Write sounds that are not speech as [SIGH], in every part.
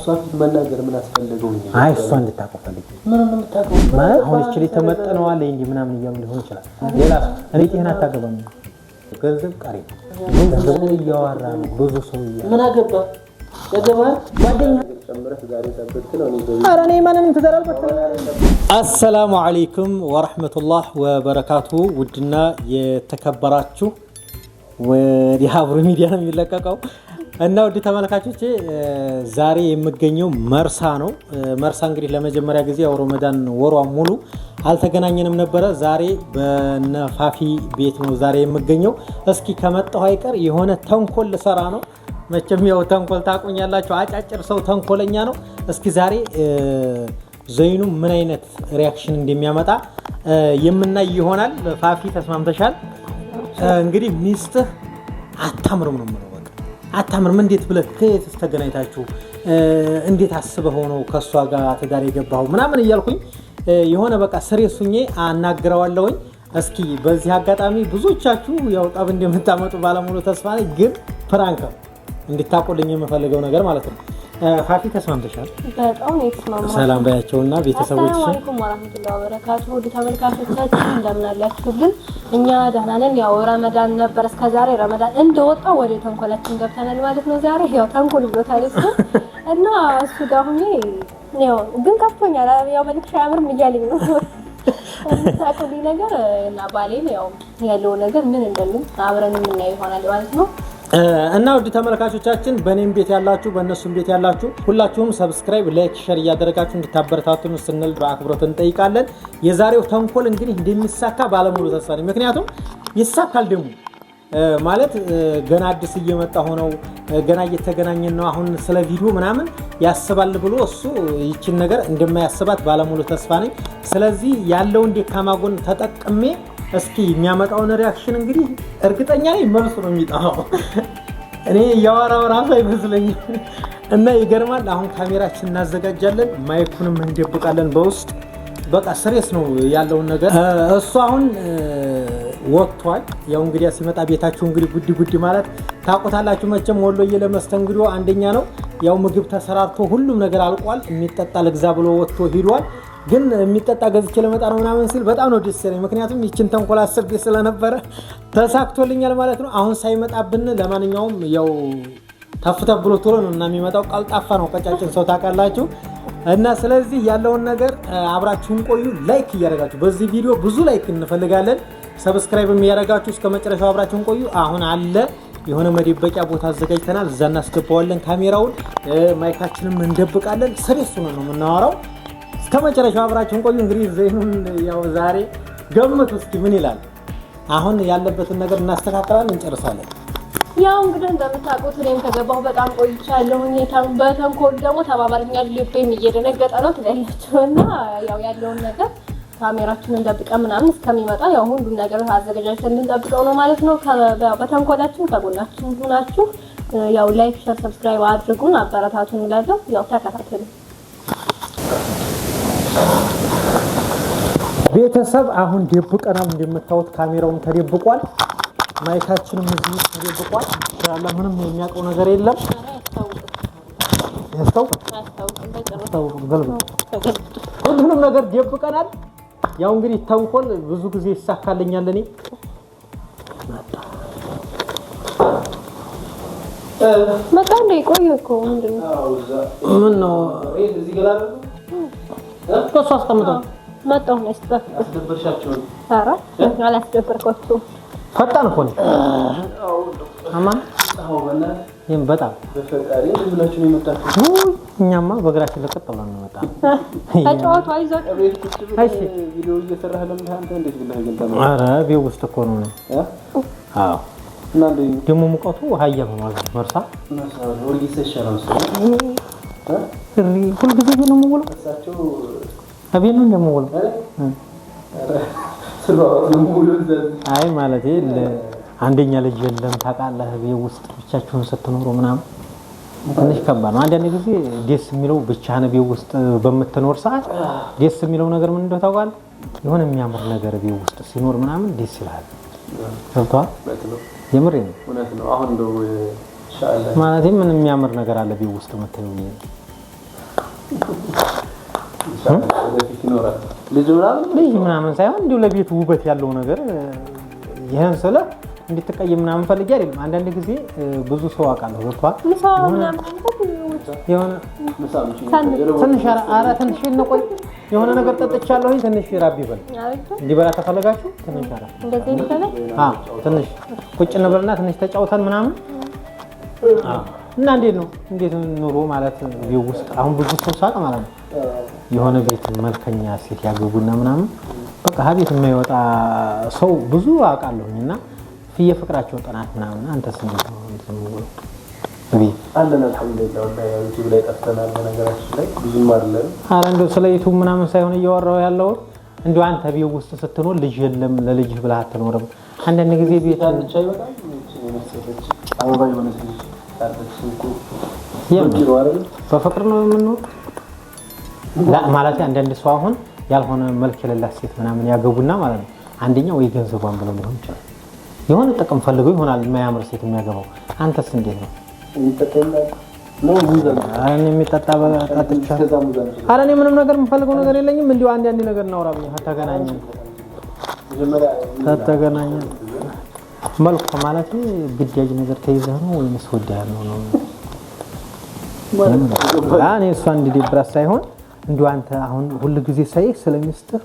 እሷ ፊት መናገር ምን አስፈለገው? አይ እሷ እንድታውቀው ፈልጌ ምን ማለት አሁን እቺ ልጅ ተመጥነዋል ምናምን እያሉ ሊሆን ይችላል። ሌላ እንዴት ይሄን አታገባም? ገንዘብ ቀሪ ገንዘብ እያዋራ ነው ብዙ ሰው እያ ምን አገባ አሰላሙ አለይኩም ወረህመቱላህ ወበረካቱ። ውድና የተከበራችሁ የሀብሩ ሚዲያ ነው የሚለቀቀው እና ውድ ተመልካቾች ዛሬ የምገኘው መርሳ ነው። መርሳ እንግዲህ ለመጀመሪያ ጊዜ ያው ረመዳን ወሯ ሙሉ አልተገናኘንም ነበረ። ዛሬ በነፋፊ ቤት ነው ዛሬ የምገኘው። እስኪ ከመጣሁ አይቀር የሆነ ተንኮል ልሰራ ነው። መቼም ያው ተንኮል ታቆኛላቸው። አጫጭር ሰው ተንኮለኛ ነው። እስኪ ዛሬ ዘይኑ ምን አይነት ሪያክሽን እንደሚያመጣ የምናይ ይሆናል። ፋፊ ተስማምተሻል? እንግዲህ ሚስትህ አታምርም ነው አታምርም። እንዴት ብለህ ከየት ተገናኝታችሁ እንዴት አስበህ ሆኖ ከእሷ ጋር ትዳር የገባው ምናምን እያልኩኝ የሆነ በቃ ስሬስ ሁኜ አናግረዋለሁኝ። እስኪ በዚህ አጋጣሚ ብዙዎቻችሁ ያው ጠብ እንደምታመጡ ባለሙሉ ተስፋ ላይ ግን ፕራንክ እንድታቆልኝ የምፈልገው ነገር ማለት ነው። ፋፊ ተስማምተሻል? በጣም የተስማማ ሰላም ባያቸው እና ቤተሰቦች። ሰላም አለይኩም ወራህመቱላሂ ወበረካቱ። ውድ ተመልካቾቻችን እንደምን አላችሁልን? እኛ ደህና ነን። ያው ረመዳን ነበር እስከ ዛሬ ረመዳን እንደወጣ ወደ ተንኮላችን ገብተናል ማለት ነው። ዛሬ ያው ተንኮል ብሎታል እሱ እና እሱ ጋር ሁኜ ያው ግን ከፍቶኛል። ያው መልክሽ አያምርም እያለኝ ነው የምታውቀው ነገር እና ባሌም ያው ያለው ነገር ምን እንደምን አብረን የምናየው ይሆናል ማለት ነው። እና ውድ ተመልካቾቻችን በእኔም ቤት ያላችሁ በእነሱም ቤት ያላችሁ ሁላችሁም ሰብስክራይብ፣ ላይክ፣ ሸር እያደረጋችሁ እንድታበረታቱን ስንል በአክብሮት እንጠይቃለን። የዛሬው ተንኮል እንግዲህ እንደሚሳካ ባለሙሉ ተስፋ ነኝ። ምክንያቱም ይሳካል ደግሞ ማለት ገና አዲስ እየመጣ ሆነው ገና እየተገናኘን ነው። አሁን ስለ ቪዲዮ ምናምን ያስባል ብሎ እሱ ይችን ነገር እንደማያስባት ባለሙሉ ተስፋ ነኝ። ስለዚህ ያለውን ደካማ ጎን ተጠቅሜ እስኪ የሚያመጣውን ሪያክሽን እንግዲህ እርግጠኛ ላይ መልሱ ነው የሚጠፋው። እኔ እያወራው ራሱ አይመስለኝም። እና ይገርማል። አሁን ካሜራችን እናዘጋጃለን፣ ማይኩንም እንደብቃለን በውስጥ በቃ ስሬስ ነው ያለውን ነገር እሱ አሁን ወቅቷል። ያው እንግዲህ ሲመጣ ቤታችሁ እንግዲህ ጉድ ጉድ ማለት ታቆታላችሁ መቼም። ወሎዬ ለመስተንግዶ አንደኛ ነው። ያው ምግብ ተሰራርቶ ሁሉም ነገር አልቋል። የሚጠጣ ልግዛ ብሎ ወጥቶ ሂዷል። ግን የሚጠጣ ገዝቼ ለመጣ ነው ምናምን ሲል በጣም ነው ደስ ያለኝ። ምክንያቱም ይችን ተንኮል አስቤ ስለነበረ ተሳክቶልኛል ማለት ነው። አሁን ሳይመጣብን ለማንኛውም ያው ተፍተፍ ብሎ ቶሎ ነው እና የሚመጣው ቀልጣፋ ነው። ቀጫጭን ሰው ታውቃላችሁ። እና ስለዚህ ያለውን ነገር አብራችሁን ቆዩ። ላይክ እያደረጋችሁ በዚህ ቪዲዮ ብዙ ላይክ እንፈልጋለን። ሰብስክራይብ እያደረጋችሁ እስከ መጨረሻው አብራችሁን ቆዩ። አሁን አለ የሆነ መደበቂያ ቦታ አዘጋጅተናል። እዛ እናስገባዋለን ካሜራውን፣ ማይካችንም እንደብቃለን። ሰደሱ ነው የምናወራው እስከ መጨረሻው አብራችሁን ቆዩ። እንግዲህ ዘይኑን ያው ዛሬ ገምቱ እስኪ ምን ይላል። አሁን ያለበትን ነገር እናስተካክላለን፣ እንጨርሳለን። ያው እንግዲህ እንደምታውቁት እኔም ከገባሁ በጣም ቆይቻለሁኝ። በተንኮል ደግሞ ተባባሪኛል። ልቤም እየደነገጠ ነው ትለያቸው እና ያው ያለውን ነገር ካሜራችን እንጠብቀ ምናምን እስከሚመጣ ያው ሁሉም ነገር አዘገጃጅተን እንጠብቀው ነው ማለት ነው። በተንኮላችን ከጎናችን ሁናችሁ ያው ላይክ፣ ሸር፣ ሰብስክራይብ አድርጉን፣ አበረታቱን እላለሁ። ያው ተከታተሉ። ቤተሰብ አሁን ደብቀናል። እንደምታዩት ካሜራውን ተደብቋል፣ ማይካችንም እዚህ ተደብቋል። ያለ ምንም የሚያውቀው ነገር የለም። ሁሉንም ነገር ደብቀናል። ያው እንግዲህ ተንኮል ብዙ ጊዜ ይሳካልኛል እኔ መጣ እንደ ቆየ እኮ ምንድን ነው? ምን ነው እዚህ ገላ ነው እሱ አስቀምጧል። መጣሁ ነው እስከፈ ኧረ አላስደብርኳቸውም። ፈጣን እኮ ነው። አማን በጣም እኛማ በእግራችን ለቀጥ ብለን ነው ተጫወቱ። አይዞህ ኧረ ቤት ውስጥ እኮ ነው ደግሞ ሙቀቱ ሀያ ነው። መርሳ ሁልጊዜ ነው የምውለው አቤሉን ነው ወል አይ ማለት አንደኛ ልጅ የለም ታውቃለህ። ቤት ውስጥ ብቻችሁን ስትኖሩ ምናምን ትንሽ ከባድ ነው። አንዳንድ ጊዜ ደስ የሚለው ብቻህን ቤት ውስጥ በምትኖር ሰዓት ደስ የሚለው ነገር ምን እንደው ታውቃለህ፣ የሆነ የሚያምር ነገር ቤት ውስጥ ሲኖር ምናምን ደስ ይላል። ገብቶሃል? የምሬ ነው ማለት ምን የሚያምር ነገር አለ ቤት ውስጥ የምታየው ልጅ ምናምን ሳይሆን እንዲሁ ለቤቱ ውበት ያለው ነገር ይህን ስለ እንድትቀይም ምናምን ፈልጌ አይደለም። አንዳንድ ጊዜ ብዙ ሰው አውቃለሁ ገብቷል። ትንሽ ኧረ ትንሽ እንቆይ የሆነ ነገር ጠጥቻለሁኝ ትንሽ ራብ ይበል እንዲበላ ተፈለጋችሁ ትንሽ ኧረ ትንሽ ቁጭ እንበልና ትንሽ ተጫውተን ምናምን እና እንዴት ነው እንዴት ኑሮ ማለት ቤት ውስጥ አሁን ብዙ ሰው ሳቅ ማለት ነው የሆነ ቤት መልከኛ ሴት ያገቡና ምናምን በቃ ሀቤት የማይወጣ ሰው ብዙ አውቃለሁኝ። እና የፍቅራቸው ጥናት ምናምን አንተ ስ ነው? አለን አልሐምዱሊላህ። እና ዩቲዩብ ላይ ጠፍተናል። በነገራችን ላይ ብዙም አለን አለ እንደው ስለ ዩቲዩብ ምናምን ሳይሆን እያወራሁ ያለው እንዲ አንተ ቤት ውስጥ ስትኖር ልጅ የለም ለልጅ ብለህ አትኖርም። አንዳንድ ጊዜ ቤት በፍቅር ነው የምንኖር ማለት አንዳንድ ሰው አሁን ያልሆነ መልክ የሌላት ሴት ምናምን ያገቡና ማለት ነው። አንደኛ ወይ ገንዘቧን ብለው ሊሆን ይችላል። የሆነ ጥቅም ፈልገው ይሆናል የማያምር ሴት የሚያገባው። አንተስ እንዴት ነው? አረ እኔ ምንም ነገር የምፈልገው ነገር የለኝም። እንዲሁ አንዳንድ ነገር እናውራ ተገናኘን ተገናኘን። መልኩ ማለት ግዳጅ ነገር ተይዘህ ነው ወይንስ ወዳህ ነው ነው? እሷ እንዲደብራት ሳይሆን እንዲሁ አንተ አሁን ሁሉ ጊዜ ሳይ ስለ ሚስትህ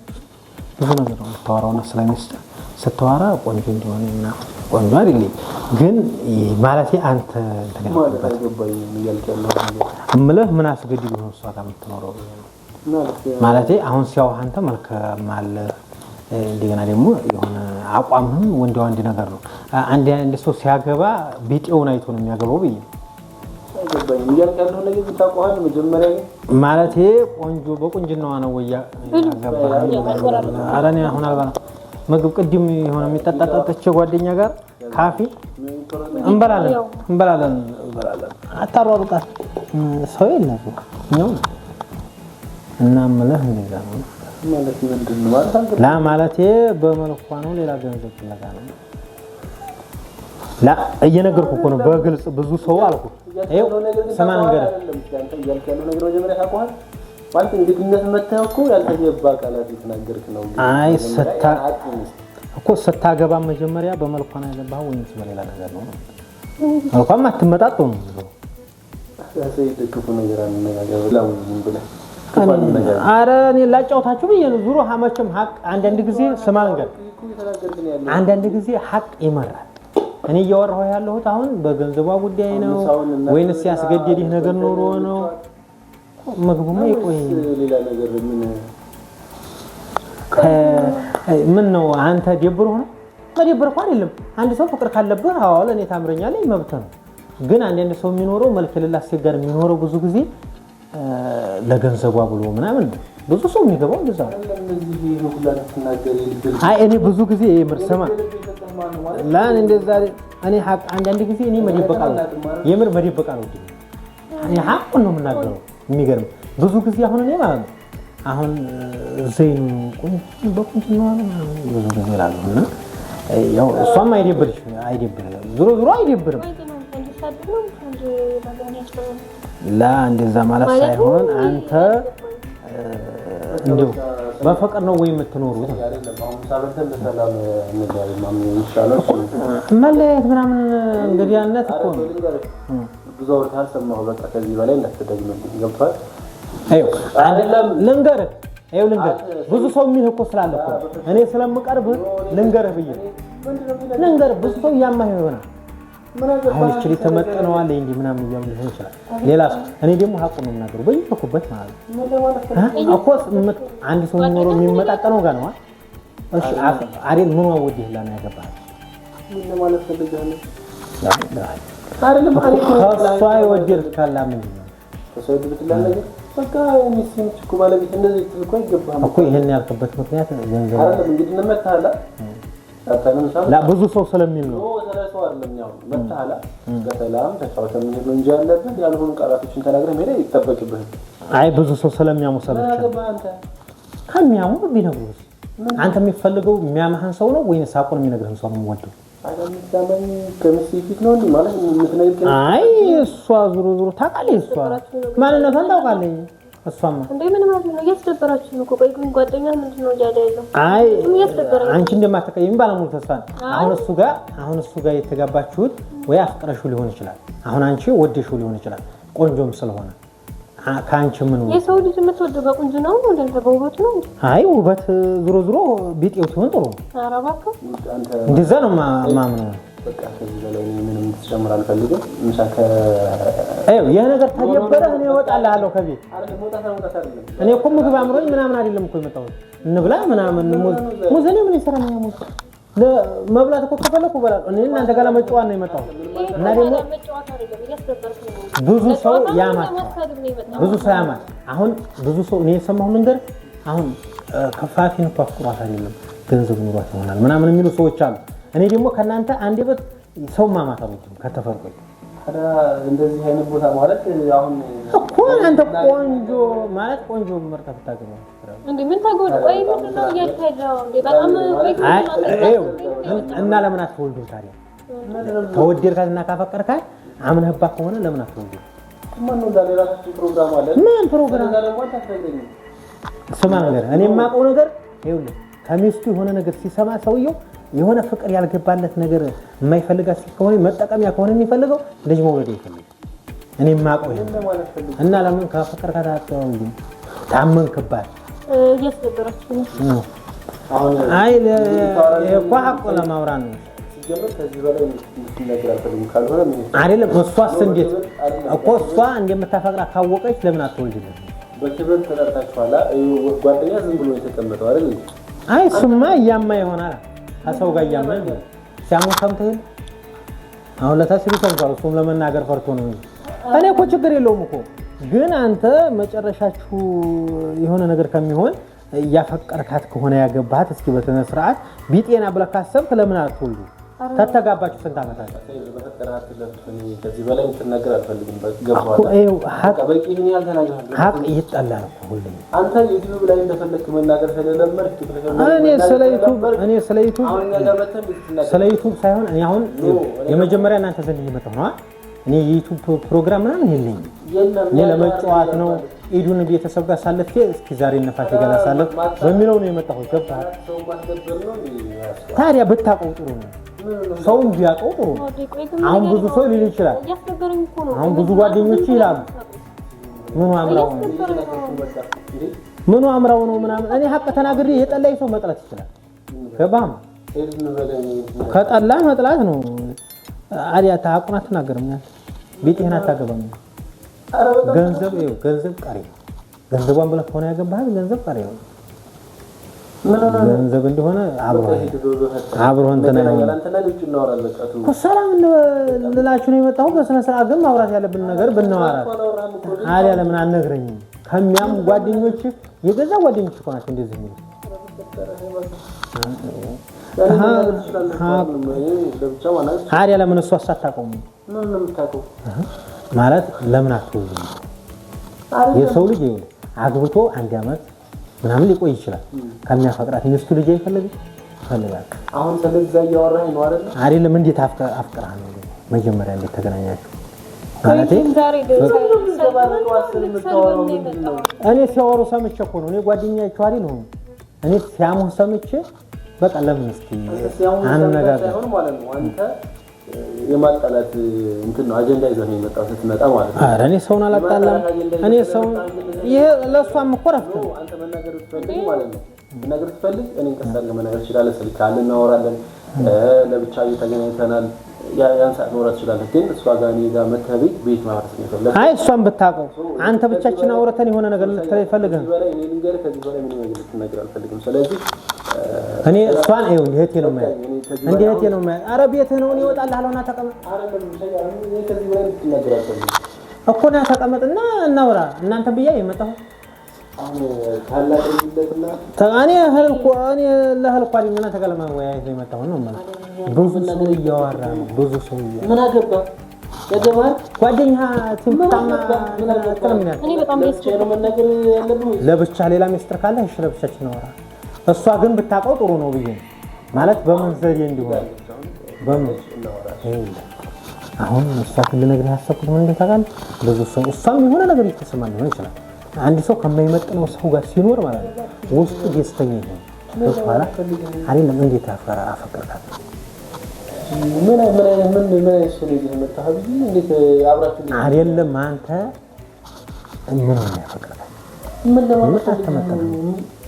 ብዙ ነገር ነው የምታወራውና ስለ ሚስትህ ስታወራ ቆንጆ እንደሆነ ምናምን ቆንጆ አይደል ግን ማለት አንተ እምልህ ምን አስገድ ቢሆን እሷ ጋር የምትኖረው ማለት አሁን ሲያውህ አንተ መልከም አለ እንደገና ደግሞ የሆነ አቋምህም ወንድ ወንድ ነገር ነው። አንድ ሰው ሲያገባ ቢጤውን አይቶ ነው የሚያገባው ብዬ ማለት ታውቀዋለህ። መጀመሪያ ቆንጆ በቁንጅናዋ ነው ወያ አረኔ አሁን አልባ ምግብ ቅድም የሆነ የሚጠጣጠጠች ጓደኛ ጋር ካፊ እንበላለን እንበላለን አታሯሩጣት ሰው የለም እኛው እና ምለህ እንደዛ ነው ላ ማለት በመልኳ ነው ሌላ ገንዘብ ፍለጋ ነው ላ እየነገርኩ እኮ ነው በግልጽ ብዙ ሰው አልኩ። ይኸው ስማ ነገር አይ ስታ እኮ ስታገባ መጀመሪያ በመልኳ ነው ወይስ በሌላ ነገር ነው? መልኳም አትመጣጥ አረ እኔ ላጫውታችሁ ብዬ ነው። ዙሮ መቼም ሀቅ አንዳንድ ጊዜ ስማ ነገር አንዳንድ ጊዜ ሀቅ ይመራል። እኔ እያወራሁ ያለሁት አሁን በገንዘቧ ጉዳይ ነው ወይንስ ያስገደድህ ነገር ኖሮ ነው? ምግቡማ ይቆይ። ምን ነው አንተ ሆነ? ነው? ደብርህ አይደለም። አንድ ሰው ፍቅር ካለብህ አዋለ ለእኔ ታምረኛለህ፣ መብትህ ነው። ግን አንዳንድ ሰው የሚኖረው መልክ ልል አስቸጋሪ የሚኖረው ብዙ ጊዜ ለገንዘቧ ብሎ ምናምን ነው። ብዙ ሰው የሚገባው እንደዛ ነው። እኔ ብዙ ጊዜ የምር ስማ ላን እንደዛ እኔ ሀቅ አንዳንድ ጊዜ እኔ መደበቃ ነው የምር መደበቃ ነው። እኔ ሀቁን ነው የምናገረው። የሚገርም ብዙ ጊዜ አሁን እኔ ማለት ነው አሁን ዘይኑ በቁንጅና ነው ብዙ ጊዜ ላሉ እና ያው እሷም አይደብርሽ አይደብር ዞሮ ዞሮ አይደብርም ላ እንደዛ ማለት ሳይሆን አንተ እንደው ነው ወይ የምትኖሩት? መለያየት ምናምን እንግዲህ እኮ ልንገርህ፣ ልንገርህ፣ ብዙ ሰው የሚልህ እኮ ስላለ እኔ ስለምቀርብህ ልንገርህ ብዬ ልንገርህ፣ ብዙ ሰው እያማህ ይሆናል አሁን እችሊ ተመጠነዋል እንዲ ምናምን እያሉ ሊሆን ይችላል። ሌላ ሰው እኔ ደግሞ ሀቁ ነው የምናገሩ በየኩበት ማለት ነው እኮ አንድ ሰው የሚኖረው የሚመጣጠነው ጋር ነዋ። እሺ ምን ወደ ህላና ያገባል ከእሷ የወደድክ ካላ ምንድን ነው በቃ እንደዚህ እኮ ይህን ያልክበት ምክንያት ገንዘብ ብዙ ሰው ስለሚል ነው። አይ ብዙ ሰው ስለሚያሙ ሰዎች ከሚያሙ ቢነግሩህ አንተ የሚፈልገው የሚያመህን ሰው ነው ወይ ሳቁን የሚነግርህን ሰው ነው የምወደው? አይ እሷ ዙሩ ዙሩ ታውቃለች። እሷ ማንነቷን ታውቃለች። እሷም ነው እንዴ? ምን ማለት ነው? እያስደበራችሁ ነው እኮ። ቆይ ግን ጓደኛ ምንድን ነው እያለ ያለው? አይ አንቺ እንደማትቀይም ባለሙሉ ተስፋ ነው። አሁን እሱ ጋር አሁን እሱ ጋር የተጋባችሁት ወይ አፍቅረሹ ሊሆን ይችላል። አሁን አንቺ ወደሽው ሊሆን ይችላል። ቆንጆም ስለሆነ ከአንቺ ምን የሰው ልጅ የምትወደው በቁንጅ ነው እንደ በውበት ነው? አይ ውበት ዝሮ ዝሮ ቢጤው ትሆን ጥሩ ነው። ኧረ እባክህ እንደዛ ነው ማምነው ይህ ነገር ተደበረህ እኔ እወጣልሃለሁ ከቤት። እኔ እኮ ምግብ አምሮኝ ምናምን አይደለም እኮ የመጣሁት እንብላ ምናምን። ሙዝ እኔ ምን ይሰራ ነው ሙዝ? መብላት እኮ ከፈለኩ እበላለሁ። እኔ እናንተ ጋር ለመጫወት ነው የመጣሁት እና ደግሞ ብዙ ሰው ያማል፣ ብዙ ሰው ያማል። አሁን ብዙ ሰው እኔ የሰማሁ ነገር አሁን ከፋፊን እኮ አፍቅሯት አይደለም ገንዘብ ኑሯት ይሆናል ምናምን የሚሉ ሰዎች አሉ። እኔ ደግሞ ከእናንተ አንድ በት ሰው ማማት አልወድም። ከተፈርቆኝ እንደዚህ አይነት ቦታ ማለት አሁን እኮ አንተ ቆንጆ ማለት ቆንጆ ብታገባ ምን እና ለምን ታዲያ? ካፈቀርካት ከሆነ ለምን አትወልዱም? ምን ፕሮግራም ስማ ነገር እኔ የማውቀው ነገር ይኸውልህ፣ ከሚስቱ የሆነ ነገር ሲሰማ ሰውየው የሆነ ፍቅር ያልገባለት ነገር የማይፈልጋት ከሆነ መጠቀሚያ ከሆነ የሚፈልገው ልጅ መውለድ አይፈልግም። እኔ ማቆ እና ለምን ከፍቅር ከታጠው እንጂ ታመንክባት አይ እኮ ሀቁ ለማውራት ነው። አይደለም እሷስ እንዴት እኮ እሷ እንደምታፈቅራ ካወቀች ለምን አትወልድልህ? በክብር ተጠርታችኋላ። ጓደኛ ዝም ብሎ የተቀመጠው አይደል? አይ እሱማ እያማ ይሆናል ከሰው ጋር እያመን ሲያሞት ሰምተህ አሁን ለታሲሩ ሰምቷል። እሱም ለመናገር ፈርቶ ነው እንጂ እኔ እኮ ችግር የለውም እኮ ግን አንተ መጨረሻችሁ የሆነ ነገር ከሚሆን እያፈቀርካት ከሆነ ያገባት እስኪ በስነ ስርዓት ቢጤና ብለህ ካሰብክ ለምን አትወልዱ? ተተጋባችሁ ስንት ዓመታት? ከዚህ ስለ ዩቱብ ሳይሆን እኔ አሁን የመጀመሪያ እናንተ ዘንድ እየመጣሁ ነው። እኔ የዩቱብ ፕሮግራም ምናምን የለኝም። እኔ ለመጫወት ነው ኢዱን ቤተሰብ ጋር ሳለፍ እስኪ ዛሬ ጋር ሳለፍ በሚለው ነው የመጣሁት። ገባህ? ታዲያ ብታውቀው ጥሩ ነው። ሰውን ቢያውቀው ጥሩ ነው። አሁን ብዙ ሰው ሊል ይችላል። አሁን ብዙ ጓደኞች ይላሉ ምኑ አምራው ነው ምኑ አምራው ነው ምናምን። እኔ ሀቅ ተናግሬ የጠላኝ ሰው መጥላት ይችላል። ገባህ? ከጠላ መጥላት ነው። አዲያ ሀቁን አትናገርም፣ ቢጤህን አታገባም። ገንዘብ ገንዘብ ቀሪ ገንዘቧን ብለህ ከሆነ ያገባህ ገንዘብ ቀሪ ገንዘብ እንደሆነ አብሮህ ሰላም ልላችሁ ነው የመጣሁ። በስነ ስርዓት ግን ማውራት ያለብን ነገር ብናወራት። አሊያ ለምን አልነግረኝም? ከሚያም ጓደኞች የገዛ ጓደኞች እኮ ናቸው እንደዚህ የሚሉት። ለምን እሷ ማለት ለምን የሰው ልጅ አግብቶ አንድ አመት። ምናምን ሊቆይ ይችላል። ከሚያፈቅራት ሚስቱ ልጅ አይፈልግ ይፈልጋል። አሁን ስለዛ እያወራኝ ነው አይደል? አይደለም እንዴት አፍቅራ ነው መጀመሪያ እንዴት ተገናኛችሁ? እኔ ሲያወሩ ሰምቼ እኮ ነው። እኔ ጓደኛችሁ አይደለሁም። እኔ ሲያሙ ሰምቼ በቃ ለምን እስኪ አነጋገር የማጣላት እንትን ነው አጀንዳ ይዘህ ነው የመጣው ስትመጣ ማለት ነው። ኧረ እኔ ሰውን አላጣላም። እኔ ሰውን ይሄ ለእሷም እኮ ነው። አንተ መናገር ትፈልግ ማለት ነው እኔ መናገር ስልክ አለ እናወራለን። ለብቻ ተገናኝተናል። ያን ሰዓት መውራት ግን እሷ እኔ መተህ ቤት አይ እሷን ብታውቀው አንተ ብቻችን አውረተን የሆነ ነገር ከዚህ በላይ ምንም ነገር አልፈልግም። ስለዚህ እኔ እሷን ይሁን እህቴ ነው ማለት እንዴ እህቴ ነው ማለት አረ ቤትህ ነው ይወጣል አለውና ተቀመጥ እኮ ነው። ተቀመጥና እናውራ እናንተ ብያ የመጣሁ እኔ እህል ነው ብዙ ሰው እያወራ ነው ብዙ ሰው ምን ጓደኛ ለብቻ ሌላ ሚስጥር ካለ ለብቻችን እሷ ግን ብታውቀው ጥሩ ነው ብዬ ማለት በምን ዘዴ እንዲሆን አሁን እሷ ክል ነገር ያሰብኩት ምን ታውቃለህ፣ ብዙ ሰው እሷም የሆነ ነገር ይተሰማ ሊሆን ይችላል። አንድ ሰው ከማይመጥነው ሰው ጋር ሲኖር ማለት ነው ውስጡ ደስተኛ ይሆን በኋላ አይደለም። እንዴት አፈራ አፈቅርካት ምን ምን ምን ምን ሰው ልጅ መጣህ አይደለም አንተ ምን ነው ያፈቅርካት ምን ለማለት ተመጣጣኝ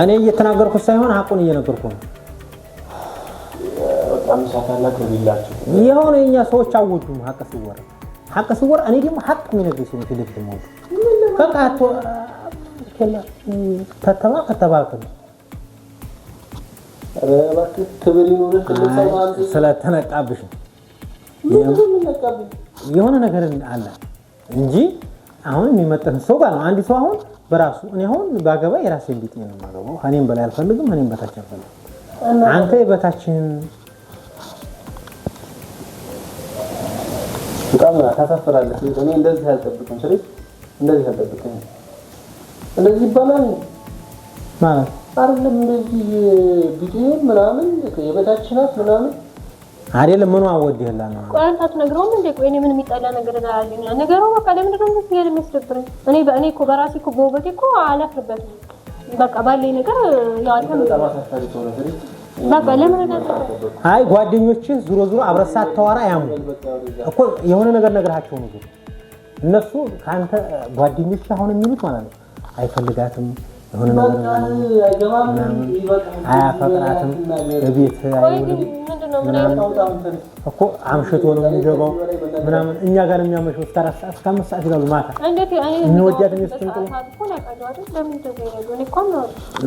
እኔ እየተናገርኩ ሳይሆን ሀቁን እየነገርኩ ነው። የሆነ የኛ ሰዎች አወዱም ሀቅ ሲወራ ሀቅ ሲወራ፣ እኔ ደግሞ ሀቅ የሚነግር ሲሆን ፊት ለፊት ሞቱ በቃ ከተባ ከተባልክ ስለተነቃብሽ የሆነ ነገር አለ እንጂ አሁን የሚመጠን ሰው ጋር ነው። አንድ ሰው አሁን በራሱ እኔ አሁን በአገባ የራሴን ቢጤ ነው የማገባው። እኔም በላይ አልፈልግም፣ እኔም በታች አልፈልግም። አንተ የበታችን በጣም ታሳፍራለህ። እኔ እንደዚህ አልጠብቅም። ስለ እንደዚህ አልጠብቅም። እንደዚህ ይባላል ማለት አይደለም። እንደዚህ ቢጤ ምናምን የበታችናት ምናምን አይደለም ምኗ ወድህላ ነው ቋንታት ነግረው ምን ደቆ እኔ ምን የሚጣላ ነገር አላለኝ ነገሩ በቃ ለምን ነው እንደዚህ ያለ የሚያስደብረኝ እኔ በእኔ እኮ በራሴ እኮ በውበቴ እኮ አላፍርበት በቃ ባለኝ ነገር ያው አንተ በቃ ለምን አይ ጓደኞችን ዙሮ ዙሮ አብረህ ተዋራ ያሙ እኮ የሆነ ነገር ነግራቸው ነው እነሱ ከአንተ ጓደኞች አሁን የሚሉት ማለት ነው አይፈልጋትም አሁን አያፈቅራትም። እቤት አይውልም እኮ አምሽቶ ነው የሚገባው ምናምን። እኛ ጋር የሚያመሸው እስከ አራት ሰዓት እስከ አምስት ሰዓት ይላሉ ማታ። የሚወዳት ሚስቱን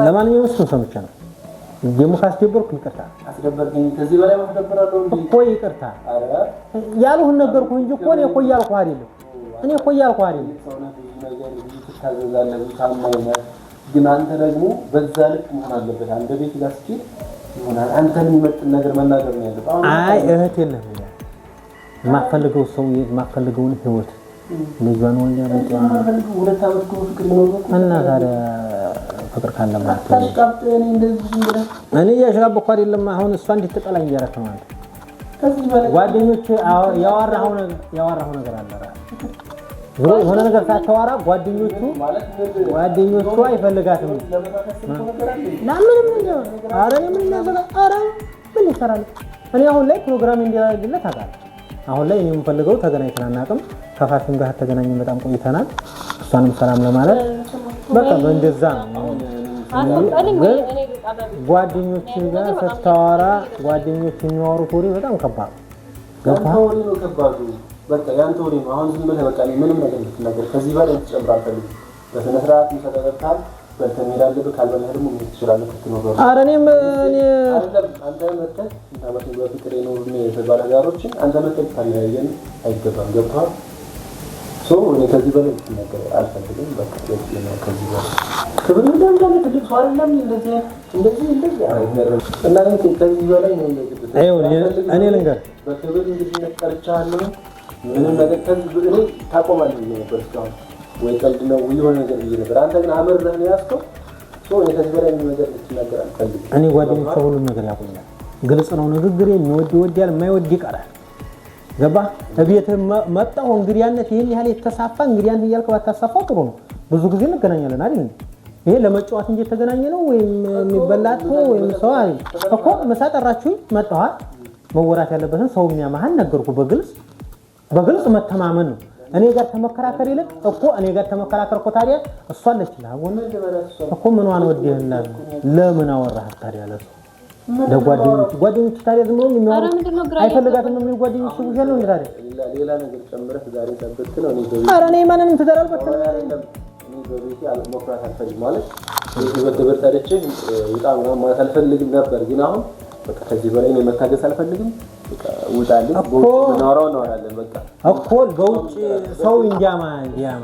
ለማንኛውም እሱን ሰምቼ ነው ደግሞ ካስደበርኩ ይቅርታ እኮ ይቅርታ ያልሁን ነገርኩ እንጂ እኮ እኔ እኮ እያልኩህ አይደለም እኔ እኮ እያልኩህ አይደለም ግን አንተ ደግሞ በዛ ልክ መሆን አለበት። አንተ ቤት ጋር ስኪል ይሆናል አንተን የሚመጥን ነገር መናገር ነው ያለበት። አይ እህት የለም የማፈልገው ሰው የማፈልገውን ህይወት ልጇን ወልዳ ሁለት ዓመት ነው ፍቅር ነው እና ታዲያ ፍቅር ካለ ካለባት እኔ እያሽራበኩ አይደለም። አሁን እሷ እንድትጠላኝ እያደረክ ነው አንተ ጓደኞቼ ያወራኸው ነገር አለ ድሮ የሆነ ነገር ሳታወራ ጓደኞቹ ጓደኞቹ አይፈልጋትም። ምን ይሰራ እኔ አሁን ላይ ፕሮግራም እንዲያደርግለት አውቃለሁ። አሁን ላይ እኔ የምፈልገው ተገናኝተን አናውቅም። ከፋሲም ጋር ተገናኝን በጣም ቆይተናል። እሷንም ሰላም ለማለት በቃ በእንደዛ ነው። ጓደኞች ጋር ስታወራ ጓደኞች የሚያወሩት ወሬ በጣም ከባድ ነው። በቃ ያንተ ወሬ ነው። አሁን ዝም ብለህ በቃ ምንም ነገር ልትናገር ከዚህ በላይ ልትጨምር በስነ ስርዓት ተጠርታል በልተህ መሄድ አለብህ። ካልበላህ ደግሞ ምን ትችላለህ? ትኖር ኧረ እኔም አንተ መተህ ታበት በፍቅር የኖር የተባለ ጋሮችን አንተ መተህ ታለያየን አይገባም። ገብቶሃል? እኔ ከዚህ በላይ ልትናገር አልፈልግም። በቃ ከዚህ በላይ ክብር እንዳንዳለ ትልቅ ሰው አይደለም እንደዚህ እንደዚህ እንደዚህ እና ከዚህ በላይ ነው። እኔ ልንገርህ በክብር እንግዲህ ነቀርቻለሁ ምንም ነገር እኔ ታቆማለህ ብዬ ነበር እስካሁን ወይ ቀልድ ነው የሆነ ነገር ብዬ ነበር። አንተ ግን አምርረህ ነው ያዝከው። እኔ ጓደኞች ሁሉም ነገር ያቆኛል። ግልጽ ነው ንግግር። የሚወድ ይወዳል፣ የማይወድ ይቀራል። ገባ እቤት መጣሁ እንግዲህ ያነት ይህን ያህል የተሳፋ እንግዲህ አንተ እያልክ ባታሳፋው ጥሩ ነው። ብዙ ጊዜ እንገናኛለን አይደል? ይሄ ለመጫወት እንጂ የተገናኘ ነው ወይም የሚበላት ወይም ሰው እኮ ምሳ ጠራችሁኝ መጣኋል። መወራት ያለበትን ሰው የሚያመሃል ነገርኩ በግልጽ በግልጽ መተማመን ነው። እኔ ጋር ተመከራከር ይልቅ እኮ እኔ ጋር ተመከራከር እኮ ታዲያ እሷ አለች እኮ ምኗን ወደህና ለምን አወራህ ታዲያ ለሱ ለጓደኞች ጓደኞች ታዲያ ዝም ብሎ የሚያወሩ አይፈልጋትም ነው የሚሉ ጓደኞች ብዙ ያለው እንዴ ታዲያ ሌላ ነገር ጨምረህ ዛሬ ተበክ ነው እኔ ዘይ አረ እኔ ማንንም ትዳር አልበክም አይደለም እኔ ማለት ይሄ ወደ በርታደች ይጣ ማለት አልፈልግም ነበር ግን አሁን በቃ ከዚህ በላይ እኔ መታገስ አልፈልግም። በቃ ውጣልኝ። ኖረው እኖራለን። በቃ እኮ በውጭ ሰው እንዲያማ እንዲያማ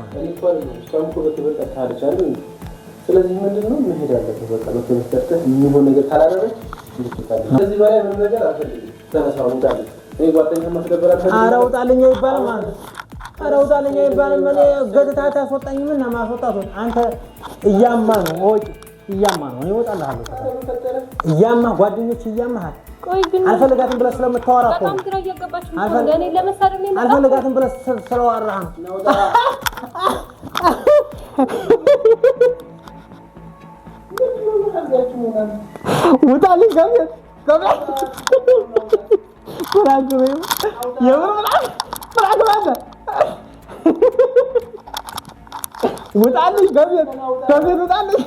ስለዚህ ምንድን ነው መሄድ አለበት። በቃ በተመሰረተ የሚሆን ነገር ካላደረች ከዚህ በላይ ምን ነገር አልፈልግም። ተነሳ ውጣልኝ። እኔ ጓደኛ ማስደበር አልፈልግም። ኧረ ውጣልኝ አይባልም አለ ኧረ ውጣልኝ አይባልም። እኔ ገጥታ ታስወጣኝ ምን ማስወጣት አንተ እያማ ነው ወጪ እያማ ነው እኔ እወጣልሃለሁ። እያማ ጓደኞች እያማሃል። አልፈልጋትም ብለህ ስለምታወራ እኮ አልፈልጋትም ብለህ ስለዋራህ ነው። ውጣልኝ [LAUGHS] ከቤት ውጣልኝ ከቤት ከቤት ውጣልኝ።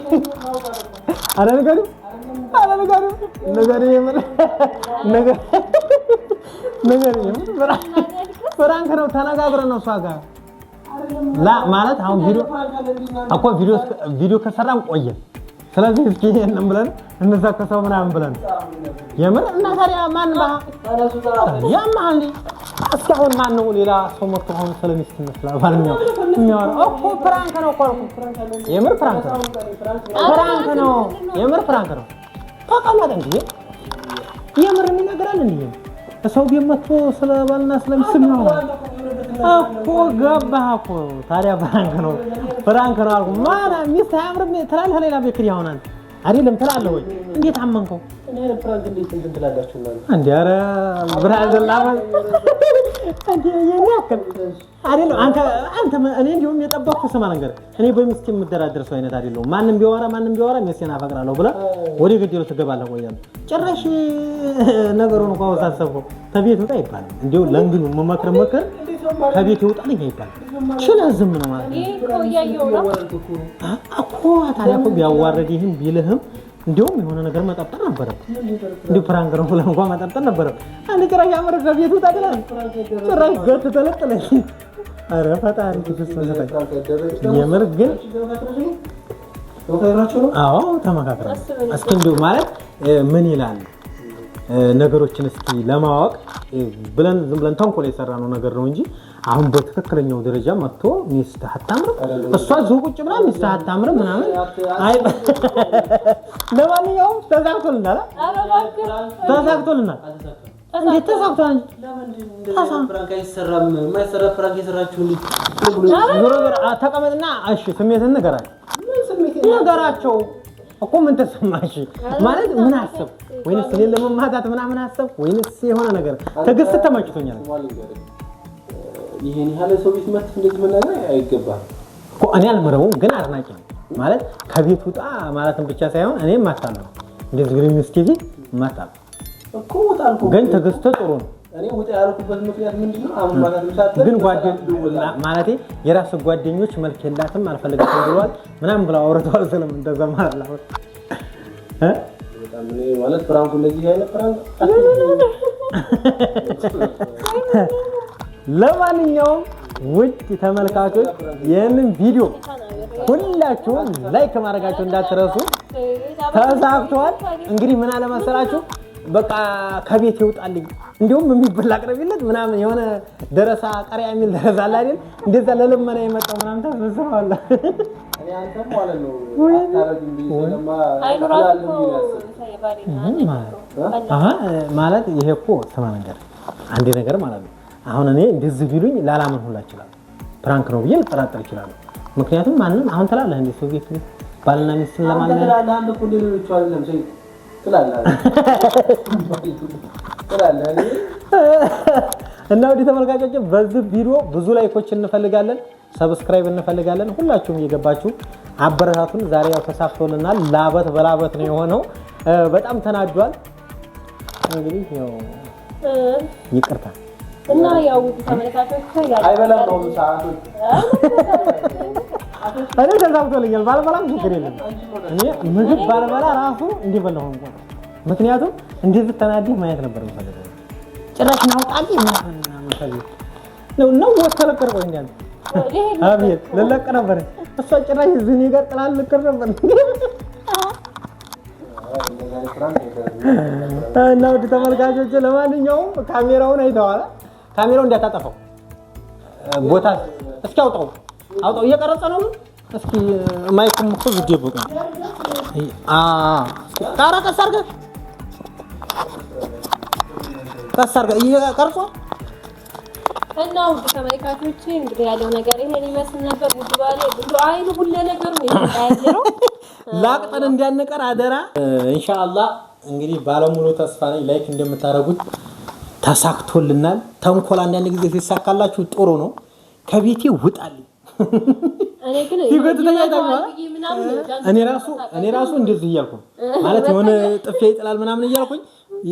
ነገር ንገሪው ነገር ነገር ንገሪው ነገር ነገር የምር ፍራንክ ነው። ተነጋግረን ነው እሷ ጋር ማለት አሁን ቪዲዮ እኮ ቪዲዮ ከሰራም ቆየን ስለዚህ እስኪ ይሄንን ብለን እንዘከሰው ምናምን ብለን የምር እና ታዲያ ማን ባ ያማል እስኪ አሁን ማን ነው ሌላ ሰው መጥቶ አሁን ስለ ሚስት ይመስላል ባልኛው የሚያወራ እኮ ፕራንክ ነው እኮ አልኩህ። የምር ፕራንክ ነው፣ ፕራንክ ነው፣ የምር ፕራንክ ነው። ተቀመጥ እንዴ የምር ይነግራል እንዴ ሰው ቤት መጥቶ ስለ ባልና ስለ ሚስት ነው እኮ ገባህ እኮ ታዲያ ፍራንክ ነው ፍራንክ ነው አልኩ ማና ሚስት አያምርም ትላለህ። ሌላ ቤት አሁን አንተ አይደለም ትላለህ ወይ? እንዴት አመንከው? እኔ እንዴት ኧረ እኔ እንዲሁም የጠበኩት ስማ ነገር እኔ በሚስት የምደራደር ሰው አይነት አይደለሁም። ማንም ቢያወራ ማንም ቢያወራ ሚስቴን አፈቅራለሁ ብለህ ወደ ገደሉ ትገባለህ። ቆይ ያለው ጭራሽ ነገሩን እንኳን ወሳሰብከው ከቤት ውጣ ይባላል። እንዲሁ ለእንግዱ መመክር መክር ከቤት ይውጣልኝ አይባልም። ችለህ ዝም ነው ማለት ነው እኮ ታዲያ እኮ ቢልህም እንዲሁም የሆነ ነገር መጠርጠር ነበረብህ። እንዲሁ ፕራንክ ነው ብለህ እንኳን መጠርጠር ነበረብህ። አንድ ጭራሽ አምር ከቤቱ ታድላለህ። ጭራሽ ገት ተለጥለህ። አረ ፈጣሪ የምር ግን አዎ ተመካክረን እስኪ እንዲሁ ማለት ምን ይላል ነገሮችን እስኪ ለማወቅ ብለን ዝም ብለን ተንኮል የሰራ ነው ነገር ነው እንጂ አሁን በትክክለኛው ደረጃ መጥቶ ሚስትህ አታምርም፣ እሷ እዚሁ ቁጭ ብላ ሚስትህ አታምርም ምናምን። አይ [LAUGHS] ለማንኛውም ተሳክቶልናል፣ ተሳክቶልናል። እንዴት ተሳክቷል እንጂ ተቀመጥና፣ እሺ ስሜትን ንገራቸው ንገራቸው እኮ ምን ተሰማሽ? ማለት ምን አሰብ ወይንስ እኔን ለመማታት ምናምን አሰብ ወይንስ የሆነ ነገር ትዕግስት ተመችቶኛል። ይሄን ያህል ሰው ቤት መጥፍ እንደዚህ መናገር አይገባም እኮ። እኔ አልምረውም፣ ግን አድናቂ ነው ማለት ከቤት ውጣ ማለትም ብቻ ሳይሆን እኔ ማታለሁ እንደዚህ ግሪን ስቲቪ ማታለሁ እኮ ወጣልኩ፣ ግን ትዕግስት ጥሩ ነው። እኔ ወጣ ያልኩበት ምክንያት ምንድነው? አሁን ማለት ግን ጓደኛ የራስ ጓደኞች መልክ የላትም አልፈልጋትም ብለዋል ምናምን ብለው አውርተዋል። ስለም እንደዛ ማለት ነው ማለት ፍራንኩ እንደዚህ ያለ ፍራንኩ [LAUGHS] ለማንኛውም ውድ ተመልካቾች ይህንን ቪዲዮ ሁላችሁም ላይክ ማድረጋችሁ እንዳትረሱ። ተሳክቷል። እንግዲህ ምን አለ አለመሰላችሁ በቃ ከቤት ይውጣልኝ፣ እንዲሁም የሚበላ አቅርቢለት ምናምን የሆነ ደረሳ ቀሪያ የሚል ደረሳ አለ አይደል? እንደዛ ለለመና የመጣው ምናምን ተስስባለ ማለት ይሄ እኮ ስማ ነገር አንዴ ነገር ማለት ነው አሁን እኔ እንደዚህ ቢሉኝ ላላምን ሁላ እችላለሁ። ፕራንክ ነው ብዬ ልጠራጠር ይችላሉ ምክንያቱም ማንም አሁን ትላለህ እንደ ሶቪየት ባልና ሚስትን ለማለት እና ወዲህ ተመልካቾችን በዚህ ቪዲዮ ብዙ ላይኮች እንፈልጋለን፣ ሰብስክራይብ እንፈልጋለን። ሁላችሁም እየገባችሁ አበረታቱን። ዛሬ ያው ተሳክቶልናል። ላበት በላበት ነው የሆነው። በጣም ተናዷል። እንግዲህ እና ያው ተመልካቾች አይበላም ባልበላም ችግር የለም። እኔ ምግብ ባልበላ ራሱ እንዲበላሁ እንኳን ምክንያቱም እንደዚህ ተናድህ ማየት ነበር የምፈልገው። ጭራሽ ናውጣቂ ነው ነው ወተለቀር ቆይ አቤት ልለቅ ነበር። እሷ ጭራሽ ዝኒ ጋር ጥላል ልቅር ነበር። እና ውድ ተመልካቾች ለማንኛውም ካሜራውን አይተዋላ ካሜራው እንዳታጠፋው ቦታ እስኪ አውጣው አውጣው፣ እየቀረጸ ነው። እስኪ ማይኩም እኮ ዝደብቅ ነው። ኧረ ቀስ አድርገህ ቀስ አድርገህ እየቀርጾ እና ውድ ተመልካቾች እንግዲህ ያለው ነገር ይሄን ይመስል ነበር። ውድ ባለ ብዙ አይኑ ሁሉ ነገር ነው። ያለው። [LAUGHS] ላቅጠን እንዲያነቀር አደራ። ኢንሻአላህ እንግዲህ ባለሙሉ ተስፋ ነኝ ላይክ እንደምታደርጉት ተሳክቶልናል። ተንኮል አንዳንድ ጊዜ ሲሳካላችሁ ጥሩ ነው። ከቤቴ ውጣልኝ። እኔ [LAUGHS] ራሱ እንደዚህ እያልኩ ማለት የሆነ ጥፊ ይጥላል ምናምን እያልኩኝ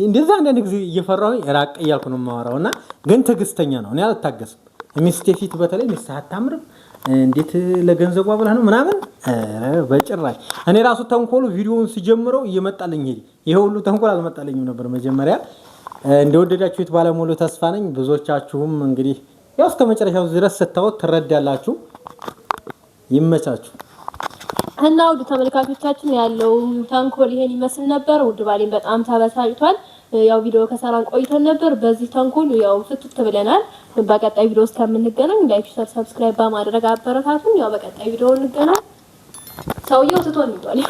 እንደዛ አንዳንድ ጊዜ እየፈራሁኝ ራቅ እያልኩ ነው የማወራው። እና ግን ትዕግስተኛ ነው። እኔ አልታገስም። ሚስቴ ፊት በተለይ ሚስት አታምርም፣ እንዴት ለገንዘቧ ብለህ ነው ምናምን፣ በጭራሽ እኔ ራሱ ተንኮሉ ቪዲዮውን ሲጀምረው እየመጣልኝ ሄድ። ይሄ ሁሉ ተንኮል አልመጣልኝም ነበር መጀመሪያ እንደወደዳችሁት ባለሙሉ ተስፋ ነኝ። ብዙዎቻችሁም እንግዲህ ያው እስከ መጨረሻው ድረስ ስታወት ትረዳላችሁ። ይመቻችሁ እና ውድ ተመልካቾቻችን ያለው ተንኮል ይሄን ይመስል ነበር። ውድ ባሌን በጣም ተበሳጭቷል። ያው ቪዲዮ ከሰራን ቆይተን ነበር። በዚህ ተንኮል ያው ፍትት ብለናል። በቀጣይ ቪዲዮ እስከምንገናኝ ላይክ፣ ሼር፣ ሰብስክራይብ በማድረግ አበረታቱን። ያው በቀጣይ ቪዲዮ እንገናኝ። ሰውየው ትቶ እንጧል።